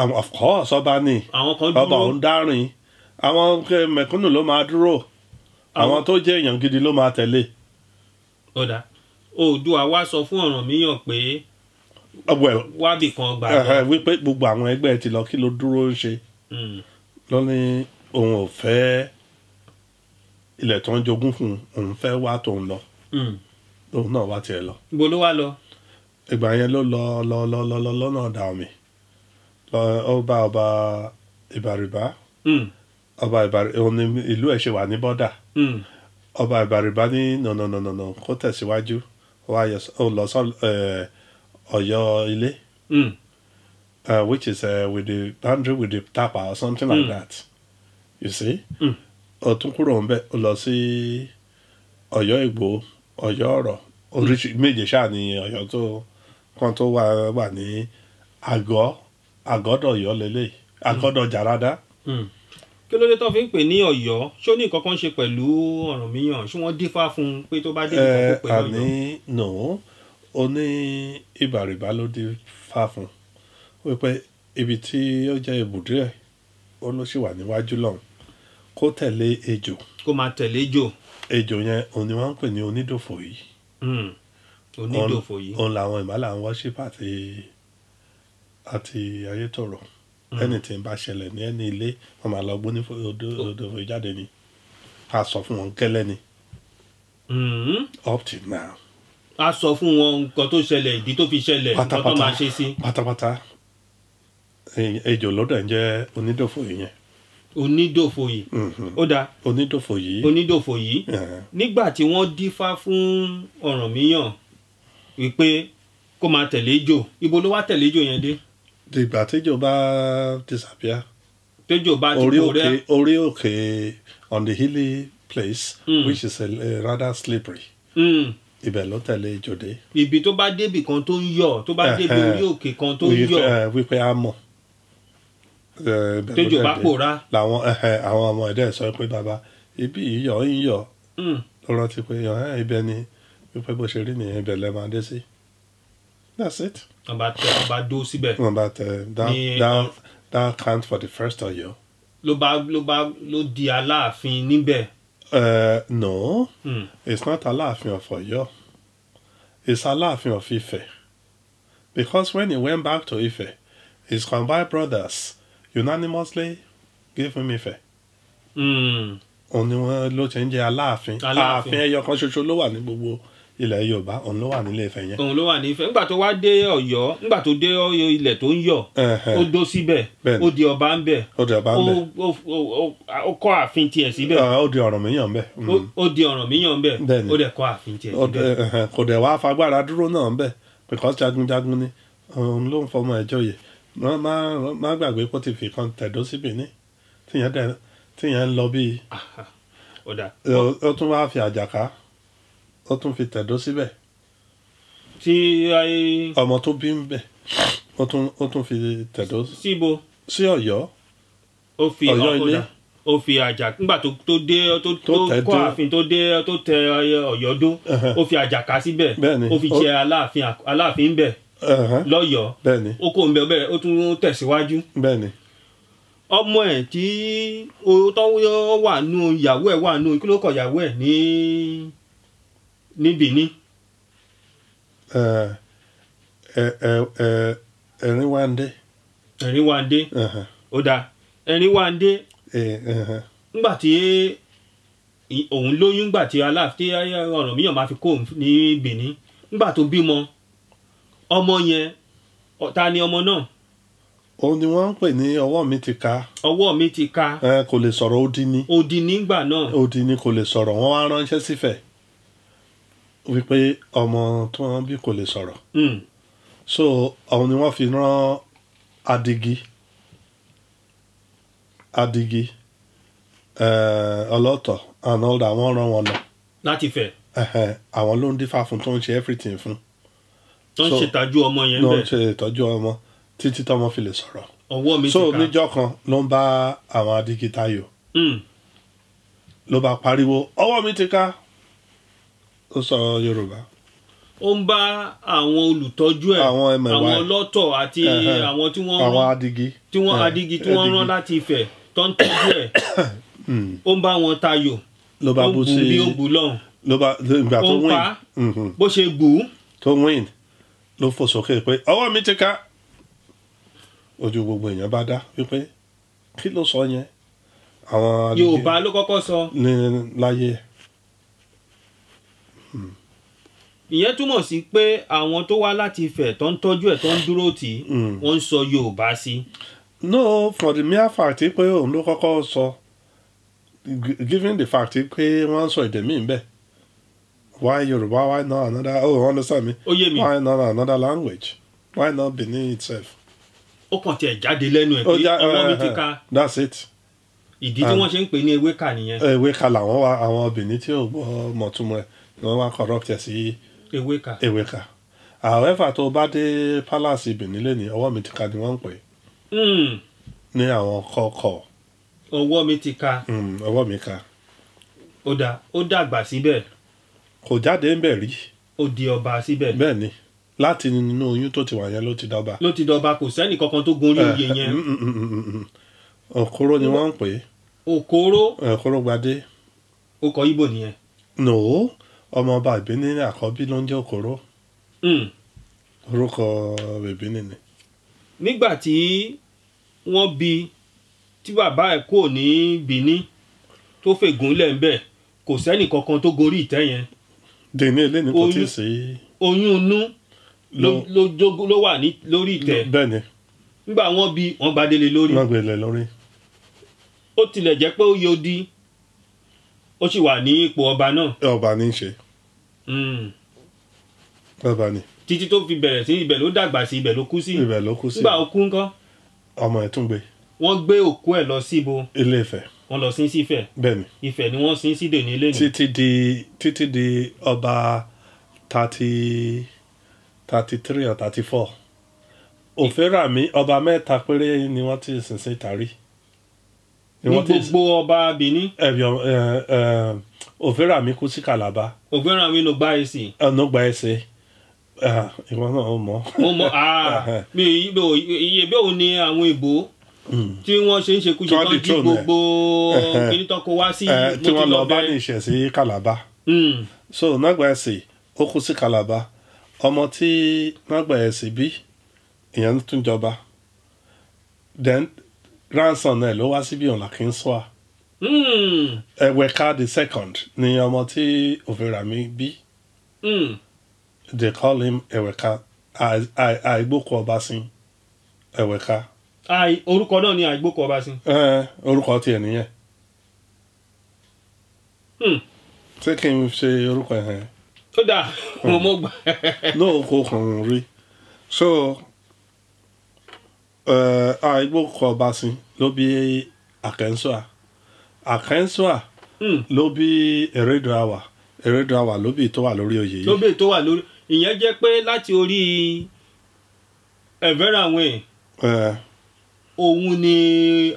àwọn of course ọba ni ọba òun dárin àwọn eh, mẹ̀kúnnù ló máa dúró àwọn tó jẹ́ èèyàn gidi ló máa tẹ̀lé. ọ̀dà oòdùà wá sọ fún Ọ̀rànmíyàn pé oh, wábì kan gbà eh, lọ. Eh, wípé gbogbo àwọn ẹgbẹ́ ti lọ kí ló dúró ń ṣe hmm. ló ní òun ò fẹ́ ilẹ̀ tó ń jogún fún òun fẹ́ wá tóun lọ hmm. lòun náà wá tiẹ̀ lọ. ibo ló wá lọ. ìgbà yẹn ló lọ lọ lọ lọ lọ́nà ọ̀dà omi ọba hmm. ọba ìbàrìbá ọba ìbàrìbá òun ni ìlú ẹ̀ ṣe wà ní bọ́dà hmm. ọba ìbàrìbá ní nànànànànà kó tẹ̀síwájú ó lọ sọ ọ̀yọ́ ilé hmm. uh, which is uh, with the boundary with the tapa or something mm. like that you see ó tún kúrò ń bẹ ó lọ sí ọ̀yọ́ ìgbò ọ̀yọ́ ọ̀rọ̀ oríṣi méje ṣáà ni ọ̀yọ́ tó kan tó wà wà ní àgọ́ àgọ́dọ̀ ọ̀yọ́ lélẹ̀ àgọ́dọ̀ jàràdá. Hmm. kí ló dé tó fi ń pè ní ọ̀yọ́ ṣó ní nǹkan kan ṣe pẹ̀lú Ọ̀rànmíyàn ṣé wọ́n dífá fún un pé tó bá dé nǹkan kó pẹ̀lú ọ̀yọ́. Eh, àní nù ó ní ìbàrìbá ló dífá fún un wípé ibi tí ó jẹ́ ibùdó ẹ̀ ó ló sì wà níwájú lọ́hùn kó tẹ̀lé ejò. kó máa tẹ̀lé ejò. ejò yẹn òun ni wọ́n ń pè ní onídòfò yìí. Hmm. onídòfò yìí. òun làwọn ìmọ̀lá ń wọ́ṣípà ti àti ayétọrọ mm. ẹni tí ń bá ṣẹlẹ̀ ní ẹni ilé wọn máa lọ gbó ní odòfò oh. jáde ni a sọ fún wọn kẹlẹ ni mm. up till now. a sọ fún wọn nǹkan tó ṣẹlẹ̀ ìdí tó fi ṣẹlẹ̀ nǹkan tó máa ṣe sí. pátápátá ejò lọ́dọ̀ ń jẹ́ onídòfò yẹn onídòfòyì mm-hmm. ó dáa onídòfòyì onídòfòyì uh-huh. nígbà tí wọ́n dífá fún Ọ̀rànmíyàn wípé kó máa tẹ̀lé jò ibo ló wá tẹ̀lé jò yẹn dé dìgbà tíjò bá disappear tíjò bá ti kó orí òkè on the hilly place mm. which is a, a rather slippery. Mm ibẹ̀ ló tẹ̀lé ìjòdè. ibi tó bá débi kan tó ń yọ tó bá débi orí òkè kan tó ń yọ. wípé a mọ̀. tejò bá pòórá. làwọn àwọn ọmọ ẹ̀dẹ́ sọ pé bàbá ibi ìyọ̀ ń yọ̀ hmm. ló rántí pé ibẹ̀ ni wípé bó ṣe rí nìyẹn ibẹ̀ lẹ́ẹ̀ máa dé sí that's it. About bá tẹ wọ́n bá dó síbẹ̀. that bá tẹ down down count for the first Ọ̀yọ́. ló bá ló bá ló di Aláàfin níbẹ̀. Uh, no hmm. it's not Aláàfin of Ọ̀yọ́ it's Aláàfin of Ife, because when he went back to Ife, his combined brothers unanimously gave him Ife. Hmm. Only ni wọn ló ti ń jẹ Aláàfin Aláàfin ẹyọ kan ṣoṣo ló wà ní gbogbo ilẹ̀ yorùbá òun ló wà nílé Ifẹ̀ yẹn. òun ló wà ní Ifẹ̀ nígbà tó wá dé Ọ̀yọ́ nígbà tó dé ilẹ̀ tó ń yọ̀ ó dó síbẹ̀ ó di ọba ń bẹ̀ ó di ọba ń bẹ̀ ó kọ́ ààfin tiẹ̀ síbẹ̀. ó di Ọ̀rànmíyàn ń bẹ̀. ó di Ọ̀rànmíyàn ń bẹ̀ hmm. ó dẹ̀ kọ́ ààfin tiẹ̀ síbẹ̀. kò dẹ̀ wá fagbára dúró náà ń bẹ̀ because jagunjagun ni òun ló ń fọmọ ẹjọ́ yẹ ó tún wá fi àjàká wọ́n tún fi tẹ̀dó síbẹ̀ tí ayé. ọmọ tó bí ń bẹ wọ́n tún wọ́n tún fi tẹ̀dó. síbo. sí Ọ̀yọ́. ó fi Ọ̀yọ́ ilé ó fi àjà nígbà tó tó dé tó tó kọ́ ààfin tó dé tó tẹ Ọ̀yọ́ dó ó fi àjàká síbẹ̀ ó fi jẹ aláàfin aláàfin bẹ̀ lọ́yọ̀ọ́ ó kó ń bẹ bẹ́ẹ̀ ó tún tẹ̀síwájú ọmọ ẹ̀ tí owó tó wà nù ìyàwó ẹ̀ wà nù kí ló kọ ìyàwó ẹ̀ ní. ní Benin Ẹ̀rínwándé Ẹ̀rínwándé ó dáa Ẹ̀rínwándé ńgbà tí òun lóyún ńgbà tí aláàfin ọ̀rọ̀ míyàn máa fi kó òun ní Benin ńgbà tó bímọ ọmọ yẹn ta ni ọmọ náà O ni wọn ń pè ní ọwọ mi ti ka. ọwọ mi ti ka. ẹ kò lè sọrọ odi ni. odi nígbà náà. odi ni kò lè sọ̀rọ̀ wọ́n á ránṣẹ́ sífẹ̀. wípé ọmọ tí wọ́n bí kò lè sọ̀rọ̀ hmm. so àwọn ni wọ́n fi rán adigi adigi eh, ọlọ́tọ̀ àná ọ̀dà wọ́n rán wọn lọ. láti fẹ́. àwọn ló ń dífá fún tó ń ṣe everything fún. tó ń ṣètọ́jú ọmọ yẹn bẹ́ẹ̀. tó ń ṣètọ́jú ọmọ títí tọmọ fi lè sọ̀rọ̀. ọwọ́ mi ti ká so níjọ́ kan ló ń bá àwọn adigi tayo. Hmm. ló bá pariwo ọwọ́ mi ti ká ó sọ yorùbá. ó ń bá àwọn olùtọ́jú ẹ̀ àwọn ẹ̀mẹ̀wá àwọn ọlọ́tọ̀ àti àwọn tí wọ́n rán àwọn adigi tí wọ́n adigi tí wọ́n rán láti Ifẹ̀ tó ń tọ́jú ẹ̀ hmm. ó ń bá wọn tayò ló bá bú sí ó bú lọ́hùn ló bá ìgbà tó win ó ń pa mhm. bó ṣe bù ú tó win ló fò sókè pé ọwọ́ mi ti ká ojú gbogbo èèyàn bá dá wípé kí ló sọ yẹn àwọn adigi Yorùbá ló kọ́kọ́ sọ ní láyé ẹ̀. Mm. ìyẹn túmọ̀ sí pé àwọn tó wá láti Ifẹ̀ tó ń tọ́jú ẹ̀ tó ń dúró tì í mm. wọ́n ń sọ Yorùbá sí. no for the mere fact pé òun ló kọ́kọ́ sọ given the fact pé wọ́n ń sọ èdè míì bẹ́ẹ̀ why Yorùbá why not another oh understand me oh, yeah, why not another language why not Benin itself. ó kàn tiẹ̀ jáde lẹ́nu ẹ̀ pé ọmọ mi ti eh, ka. that's it ìdí tí wọ́n ṣe ń pè ní ewéka nìyẹn. ewéka làwọn àwọn obìnrin tí ò gbọ́ mọ̀túnmọ́ ẹ̀ wọ́n wá corrupt ẹ̀ sí ewéka ewéka however tó bá dé palace benin lẹ́ni ọwọ́ mi ti ka ni wọ́n ń pè hmm. ní àwọn kọ̀ọ̀kọ̀. ọwọ́ mi ti ka. Hmm, ọwọ́ mi ka. ó dà ó dàgbà síbẹ̀. kò jáde ń bẹ̀ rí. ó di ọba síbẹ̀. bẹ́ẹ̀ ni láti inú oyún tó ti wà yẹn ló ti dọba. ló ti dọba kò sẹ́ni kankan tó gun orí oyè eh, yẹn. òkúrò mm, mm, mm, ni wọ́n ń pè é. òkúrò. òkúrò eh, gbadé. ó kọ ibo nìyẹn. no ọmọọba ìbíní àkọ́bí ló ń jẹ́ òkòrò hmm. orúkọ ìbíní ni. nígbà tí wọ́n bí tí bàbá ẹ̀ kò ní bìíní tó fègùn lẹ̀ ń bẹ̀ kò sẹ́nì kankan tó gorí ìtẹ́ yẹn. dèní eléyìí kò tí ì sí. oyún inú ló wà lórí ìtẹ́. bẹ́ẹ̀ni. nígbà wọ́n bí wọ́n gbadele lórí. wọ́n gbadele lórí. ó tilẹ̀ jẹ́ pé ó yọ di ó sì wà ní ipò ọba náà. ọba ní í ṣe. Hmm. ọba ni. títí tó fi bẹ̀rẹ̀ sí ibẹ̀ ló dàgbà sí ibẹ̀ ló kú sí. ibẹ̀ ló kú sí. nígbà ó kú ńkọ́. ọmọ ẹ̀ tún gbé. wọ́n gbé òkú ẹ̀ lọ síbo. ilé Ifẹ̀. wọ́n lọ sin sí Ifẹ̀. bẹ́ẹ̀ni. Ifẹ̀ ni wọ́n sin sí dèní lẹ́nu. títí di títí di ọba thirty thirty three or thirty four. Òfèràmí ọba mẹ́ta péré ni wọ́n ti sìn sí tàrí ní gbogbo ọba benin. ẹ̀yọ̀ òfẹ́rà mi kú sí Calabar. òfẹ́rà mi ló gbá ẹsẹ̀. ló gbá ẹsẹ̀ ìwọ náà ó mọ. ó mọ mi iye bẹ́ẹ̀ ò ní àwọn ìbò hmm. tí wọ́n ṣe ń ṣe kúṣe tán jí gbogbo kíní tán wá sí tí wọ́n lọ bá ní ìṣẹ̀ sí Calabar. Hmm. so nàgbà ẹsẹ̀ ó kú sí Calabar ọmọ tí nàgbà ẹsẹ̀ bí ìyẹn tún jọba then grandson náà ló wá síbi ọ̀nà kí n sọ à. Eweka hmm. the second ni ọmọ tí Òfìràmì bí. Hmm. They call him Eweka àìgbókò Ọbasin Eweka. Orúkọ náà ni àìgbókò Ọbasin. Orúkọ tiẹ̀ nìyẹn. Hmm. Ṣé kí n ṣe orúkọ yẹn? Ó dáa, mo mọ̀ gbà. Lóòkó kan rí. So a Igbo kọ Ọbasin ló bí Akensua Akensua hmm. ló bí Erédùàwà Erédùàwà ló bí tó wà lórí oyè yìí. ló bí tó wà lórí ìyẹn jẹ́ pé láti orí Everanwe òun ni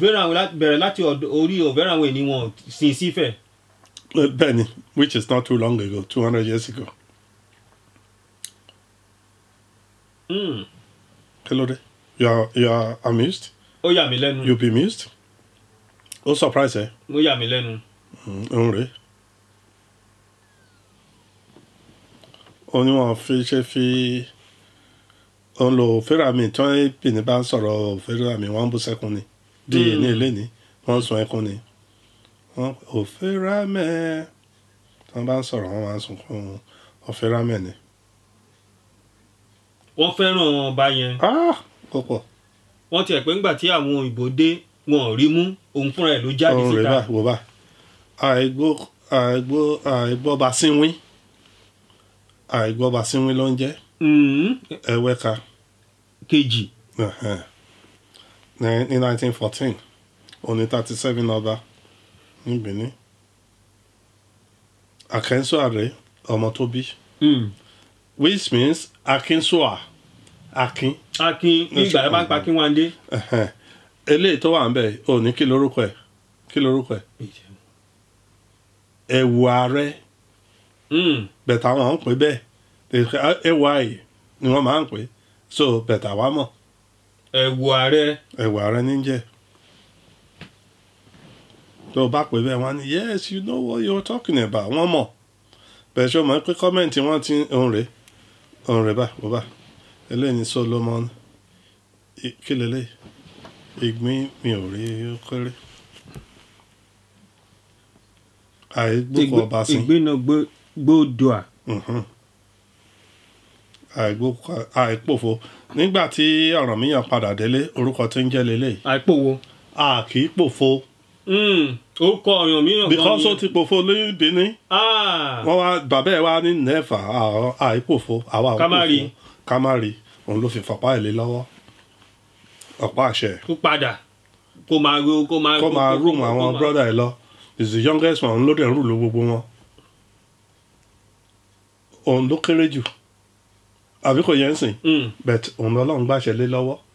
Everanwe bẹ̀rẹ̀ láti orí Everanwe ni wọ́n sin sífẹ̀. bẹ́ẹ̀ni which is not too long ago two hundred years ago. Mm. kí ló dé you are you are amused. ó yà mí lẹ́nu. you be amused. ó surprise ẹ. ó yà mí lẹ́nu. òun mm, rèé. ó ní wọn fi ṣe fi òun lò fẹ́ràmì tí wọ́n pè ní bá ń sọ̀rọ̀ fẹ́ràmì wọ́n bú sẹ́kùn ni díye mm. ní ilé ni wọ́n sun ẹkún ni wọ́n òfẹ́ràmẹ́ tí wọ́n bá ń sọ̀rọ̀ wọ́n máa ń sunkún òfẹ́ràmẹ́ ni. wọ́n fẹ́ràn ọba yẹn. ah pọ̀pọ̀. wọ́n ti ẹ̀ pé ńgbà tí àwọn òyìnbó dé wọn ò rí mú òun fúnra ẹ̀ ló jáde síta. ọ̀rẹ́ bá wò bá àìgbó àìgbó àìgbọ́ba sínwín àìgbọ́ba sínwín ló ń jẹ́ ẹ̀wẹ́ka. Mm-hmm. kejì. ní nineteen fourteen oní thirty seven ọba ní Benin Akínṣúà rèé ọmọ tó bí. Mm. which means Akínṣúà Akin. Sua, Akin akin ìgbà yẹn bá ń pa kí wọ́n dé. eléyìí tó wà ń bẹ̀ ò ní kí lórúkọ ẹ̀ kí lórúkọ ẹ̀ ẹ̀wù ààrẹ hmm. bẹ̀tà wọn à ń pè bẹ́ẹ̀ ẹ̀wù ààyè ni wọ́n máa ń pè so bẹ̀tà wa mọ̀. ẹ̀wù ààrẹ. ẹ̀wù ààrẹ ní jẹ́ tó o bá pè bẹ́ẹ̀ wọ́n ní yes you know what you are talking about wọ́n mọ̀ bẹ̀ṣọ́ mọ̀ pé kọ́mẹ̀ntì wọn ti ń rè ń rè bá wọ́n bá eléyìí Solomon kí lélẹ̀ ìgbín mi ò rí kéré àìgbókò ọba sí. ìgbín náà gbódò à. àìgbókò àìpòfo nígbà tí Ọ̀rànmíyàn padà délé orúkọ tí ń jẹ́ lélẹ̀. àìpòwo. a kì í pòfo ó kọ ọ̀yàn mìíràn kan ni because ó ti pòfo Olóyìnbí ní ah. wọ́n wá bàbá ẹ̀ wá ní nẹ́ẹ̀fà àìpòfo àwa òpòfo kámárì òun ló fi fọ̀pá ẹ̀ lé lọ́wọ́ ọ̀pá àṣẹ. kó padà kó máa ro kó máa ro kó máa rúùm àwọn brọ́dà ẹ̀ lọ is the youngest one ló dẹ̀ ń rù ló gbogbo wọn òun ló kéré jù àbí kò yẹn sìn hmm. but òun lọ́lọ́run gbàṣẹ lé lọ́wọ́.